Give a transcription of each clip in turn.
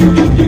Thank you.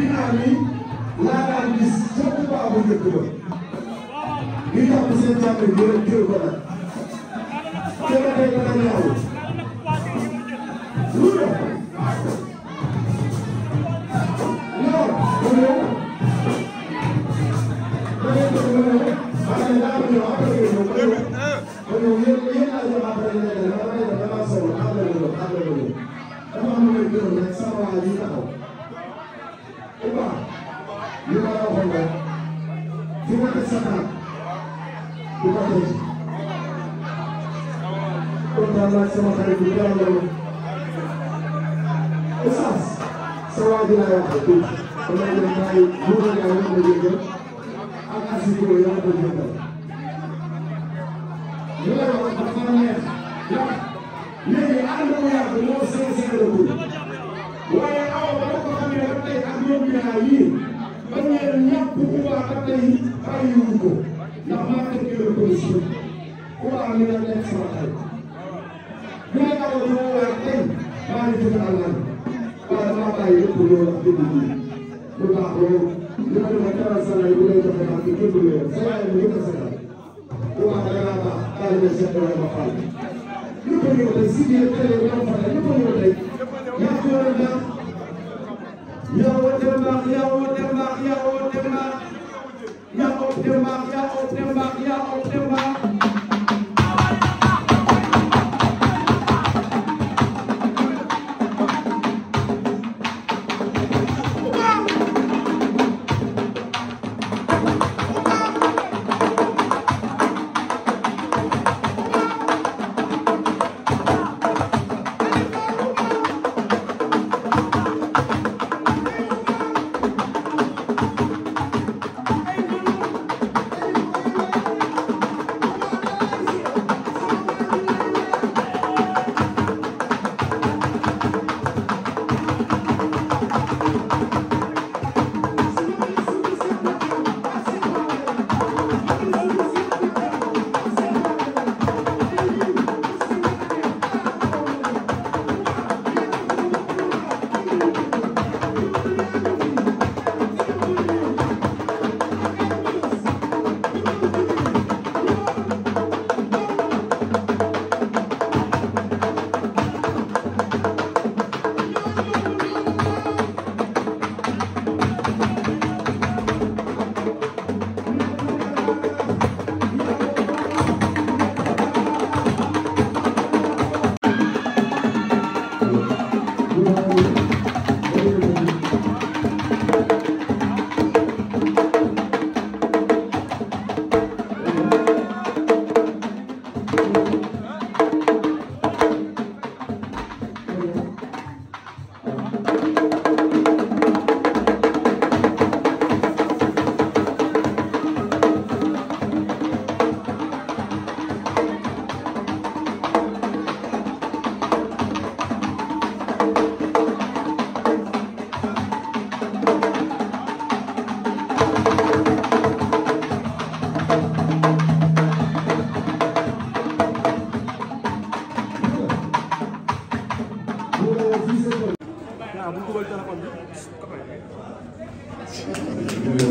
ginnaaw bi laa daan gis ca Tuubaa bu njëkk ba ñu jàpp seen jàpp yi jërë ko nag. waxtaan naa sama xarit bi dara loolu Oustaz sa waa ji laay wax dëgg dama leen bàyyi buur ak ay wàllu yëngal ak asiko yaa ko jëndal li lay wax dafa neex ndax léegi ànd ko yàgg moo sincère la ko waaye aw ba ko xamee ba tey ak ñoom ñaar yii ba ngeen ñàkk bu baax ba tey bàyyiwuñ ko ndax maa ngi leen ko ko waa mi nga nekk sama xarit defal lan waaye damaa bàyyi lépp loolu ak déglu ji lu baax loolu li ma doon teral sa lay bu lay joxe baax bi déglu loolu sa lay mu yëpp sa lay bu baax da ngaa baax bàyyi na seet doole ma fàll ñëpp a ñëw tey si biir télé ñoo fa ñëpp a ñëw tey yaa ko yor baax yaa ko dem baax yaa ko dem baax yaa ko dem baax yaa ko dem baax yaa ko dem baax yaa ko dem baax téléphone bi.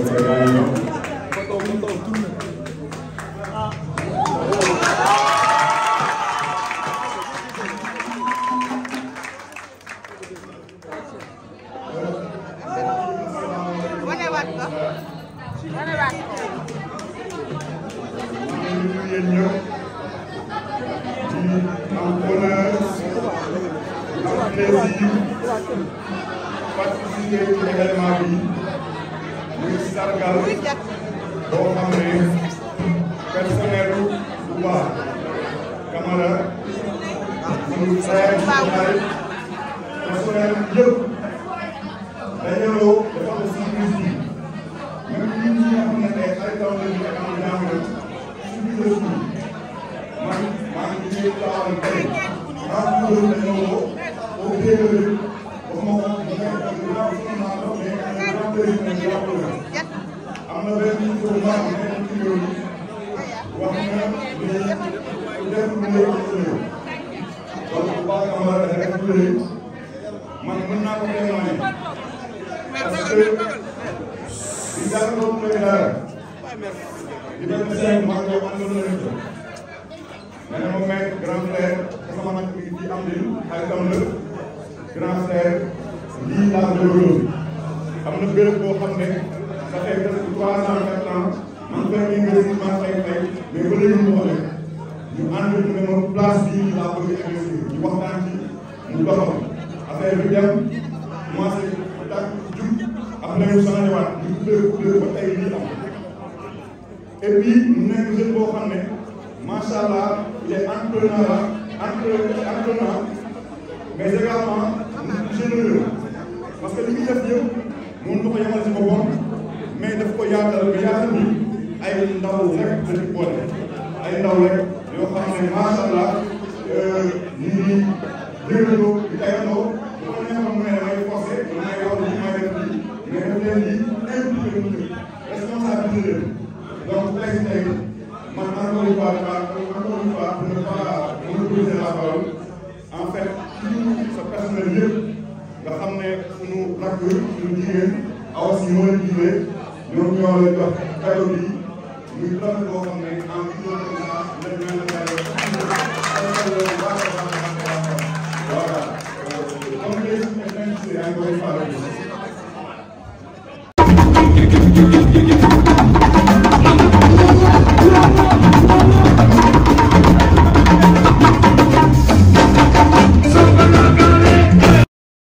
sargal boo xam ne personnel Touba Camara ñu saay saay personnel yëpp république wala bu baax nga war a république man mën naa ko témoigner parce que di dara boobu mooy dara di benn seen mag yow àndoon nañu ko mais dama may grand frère sama nag mi ngi ci am nañu xaritam la grand frère lii laa déglu am na béréb boo xam ne ça fait presque trois ans quatre ans man fay ñu ngi mais ba léegi mu man mii ne ma place bii laa bëgg investir ñu waxtaan ci mu doxal affaire bi dem commencé tàkk jub après ñu changé waat ñu deux deux ba tey lii am et puis mu nekk jeune boo xam ne macha allah il est entrepreneur entrepreneur mais également nit généreux parce que li muy def yëpp moom du ko yemal si boppam mais daf ko yaatal ba yaatal bi ay ndaw rek la ci boole ay ndaw rek. yoo xam ne macha allah euh, ñu ngi déggaloo di tegandoo bu ko neexoon mu ne damay forcé damay wax li may def lii mais daf leen di impliqué mu ñëw responsabilité leen donc tey tey man encore une fois encore une fois pour ne pas monopoliser la parole en fait suñu sa personnel yëpp nga xam ne suñu rakk suñu jigéen aw ah si ñoo leen jiwee ñoom ñoo leen jox cadeau bi muy doon boo xam ne en Faye Fall